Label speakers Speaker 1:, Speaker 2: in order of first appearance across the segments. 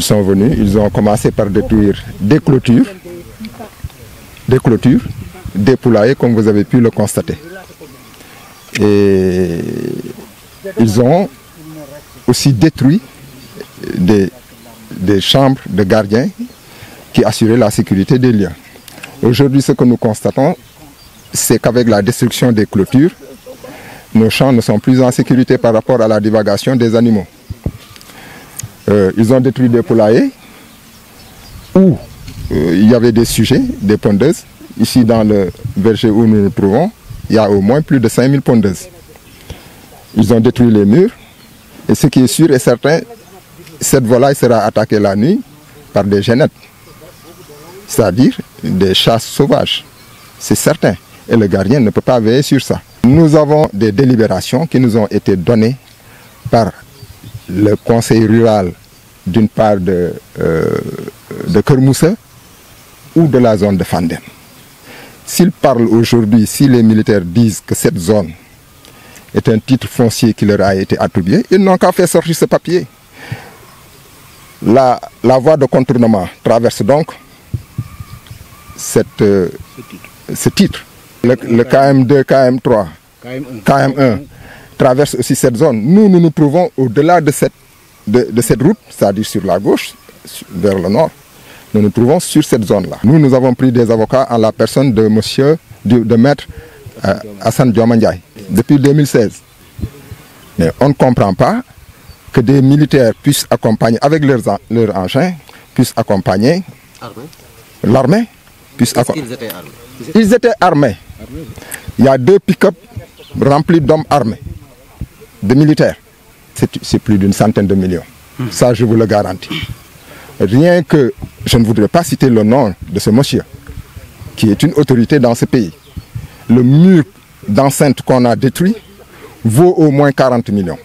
Speaker 1: Ils sont venus, ils ont commencé par détruire des clôtures, des clôtures, des poulaillers, comme vous avez pu le constater. Et ils ont aussi détruit des, des chambres de gardiens qui assuraient la sécurité des lieux. Aujourd'hui, ce que nous constatons, c'est qu'avec la destruction des clôtures, nos champs ne sont plus en sécurité par rapport à la divagation des animaux. Euh, ils ont détruit des poulaillers où euh, il y avait des sujets, des pondeuses. Ici, dans le verger où nous nous trouvons, il y a au moins plus de 5000 pondeuses. Ils ont détruit les murs. Et ce qui est sûr et certain, cette volaille sera attaquée la nuit par des genettes, c'est-à-dire des chasses sauvages. C'est certain. Et le gardien ne peut pas veiller sur ça. Nous avons des délibérations qui nous ont été données par le conseil rural d'une part de, euh, ou de la zone de Fandem. S'ils parlent aujourd'hui, si les militaires disent que cette zone est un titre foncier qui leur a été attribué, ils n'ont qu'à faire sortir ce papier. La, voie de contournement traverse donc euh, ce titre. Le, KM2, KM3, KM1 traverse aussi cette zone. Nous, nous nous trouvons au-delà de cette, de, cette route, c'est-à-dire sur la gauche, vers le nord. Nous nous trouvons sur cette zone-là. Nous, nous avons pris des avocats en la personne de monsieur, de, maître Hassan euh, Diamandiaï, depuis 2016. Mais on ne comprend pas que des militaires puissent accompagner, avec leurs, engins, puissent accompagner l'armée. ils, étaient armés. ils étaient armés. Il y a deux pick-up remplis d'hommes armés. Des militaires, c'est plus d'une centaine de millions. Hmm. Ça, je vous le garantis. Rien que, je ne voudrais pas citer le nom de ce monsieur, qui est une autorité dans ce pays. Le mur d'enceinte qu'on a détruit vaut au moins 40 millions.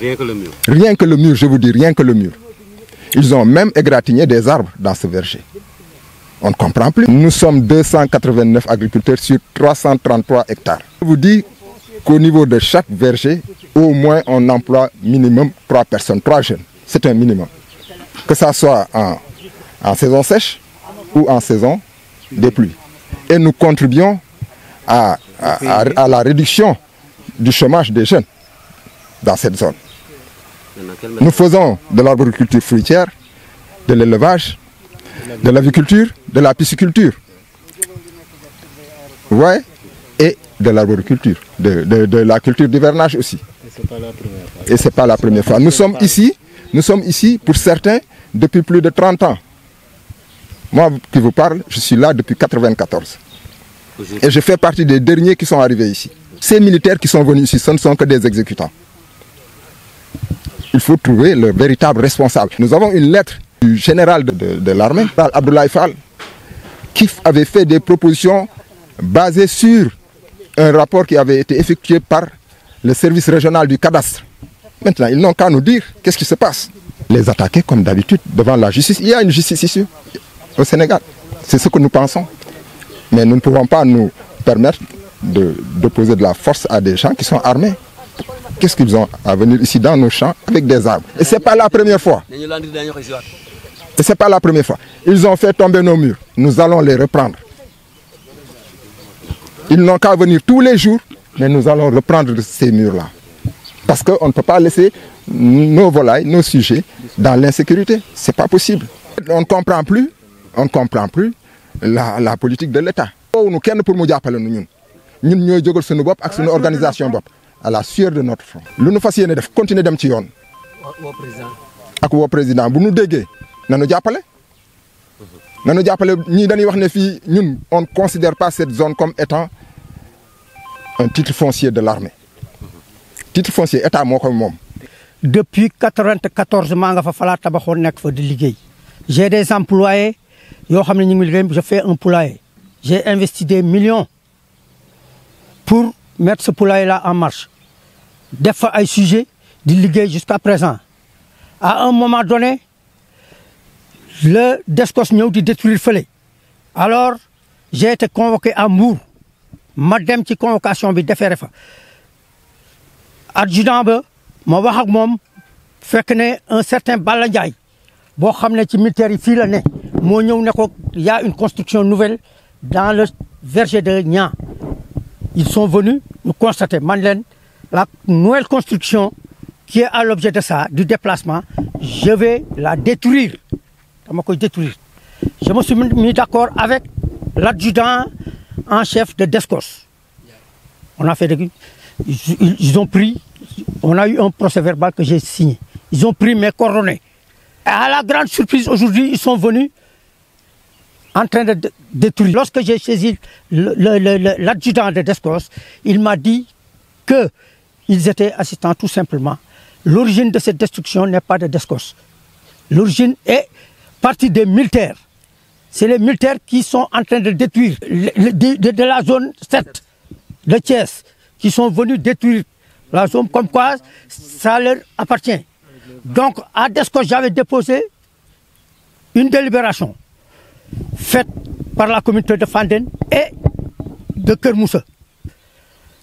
Speaker 1: Rien que le mur. Rien que le mur, je vous dis, rien que le mur. Ils ont même égratigné des arbres dans ce verger. On ne comprend plus. Nous sommes 289 agriculteurs sur 333 hectares. Je vous dis qu'au niveau de chaque verger, au moins on emploie minimum trois personnes, trois jeunes. C'est un minimum. Que ce soit en, saison sèche ou en saison des pluies. Et nous contribuons à, la réduction du chômage des jeunes dans cette zone. Nous faisons de l'arboriculture fruitière, de l'élevage, de l'aviculture, de la pisciculture. Ouais, et de l'arboriculture, de, la culture d'hivernage aussi. Et ce n'est pas la première fois. c'est pas la première fois. Nous sommes ici, nous sommes ici pour certains depuis plus de 30 ans. Moi qui vous parle, je suis là depuis 1994. Et je fais partie des derniers qui sont arrivés ici. Ces militaires qui sont venus ici, ce ne sont que des exécutants. Il faut trouver le véritable responsable. Nous avons une lettre du général de, de l'armée, Abdoulaye Fall, qui avait fait des propositions basées sur un rapport qui avait été effectué par le service régional du cadastre. Maintenant, ils n'ont qu'à nous dire qu'est-ce qui se passe. Les attaquer comme d'habitude devant la justice. Il y a une justice ici, au Sénégal. C'est ce que nous pensons. Mais nous ne pouvons pas nous permettre de de, de la force à des gens qui sont armés. Qu'est-ce qu'ils ont à venir ici dans nos champs avec des armes Et ce n'est pas la première fois. Et ce n'est pas la première fois. Ils ont fait tomber nos murs. Nous allons les reprendre. Ils n'ont qu'à venir tous les jours, mais nous allons reprendre ces murs-là. Parce qu'on ne peut pas laisser nos volailles, nos sujets dans l'insécurité. Ce n'est pas possible. On ne comprend plus, on comprend plus la, politique de l'État. Nous sommes pour nous appeler nous. Nous sommes avec organisation à la sueur de notre front. Ce que nous faisons, c'est continuer à Au président. le président. Si nous dégué, nous nous appeler. Nous nous appeler. Nous nous ne considère pas cette zone comme étant un titre foncier de l'armée
Speaker 2: titre foncier état moi comme moi. depuis 1994, je nga fa train de fa pour j'ai des employés je fais un poulailler. j'ai investi des millions pour mettre ce poulailler là en marche des fois un sujet, di jusqu'à présent à un moment donné le Descos de di détruire fële alors j'ai été convoqué à mour Madame, dem ci convocation bi defere fa adjudant ba ma wax ak un certain Balla Ndiaye boo xam ci militaire yi la y a une construction nouvelle dans le verger de Nian ils sont venus nous constater man la nouvelle construction qui est à l'objet de ça du déplacement je vais la détruire dama détruire je me suis mis d'accord avec l'adjudant en chef de Descos. On a fait ils, ont pris, on a eu un procès verbal que j'ai signé. Ils ont pris mes coronets. Et à la grande surprise, aujourd'hui, ils sont venus en train de détruire. Lorsque j'ai saisi l'adjudant de Descos, il m'a dit qu'ils étaient assistants tout simplement. L'origine de cette destruction n'est pas de Descos. L'origine est partie des militaires c'est les militaires qui sont en train de détruire de, la zone 7 de Thiès, qui sont venus détruire la zone comme quoi ça leur appartient. Donc, à Desco, j'avais déposé une délibération faite par la communauté de Fanden et de Kermoussa.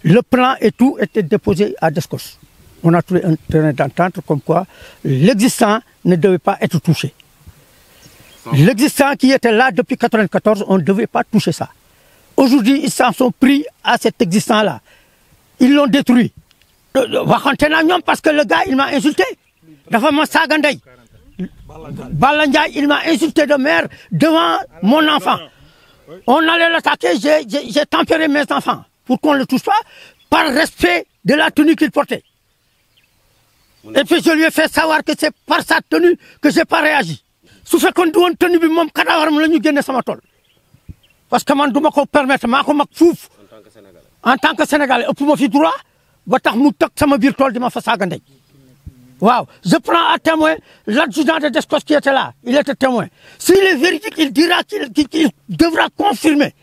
Speaker 2: Le plan et tout était déposé à Descos. On a trouvé un terrain d'entente comme quoi l'existant ne devait pas être touché. L'existant qui était là depuis 94, on ne devait pas toucher ça. Aujourd'hui, ils s'en sont pris à cet existant-là. Ils l'ont détruit. Euh, euh, parce que le gars, il m'a insulté. il m'a insulté de mère devant mon enfant. On allait l'attaquer, j'ai tempéré mes enfants pour qu'on ne le touche pas, par respect de la tenue qu'il portait. Et puis je lui ai fait savoir que c'est par sa tenue que je n'ai pas réagi su fekkoon du woon tenue bi moom cadavre la ñu génne sama tool parce que man du ma ko permettre maa ko mag fuuf en tant que sénégalais ëpp ma fi droit ba tax mu tag sama biir tool di ma fa saaga ndey waaw je prends à témoin l'adjudant de Descos qui était là il était témoin s'il est véridique il dira qu'il devra confirmer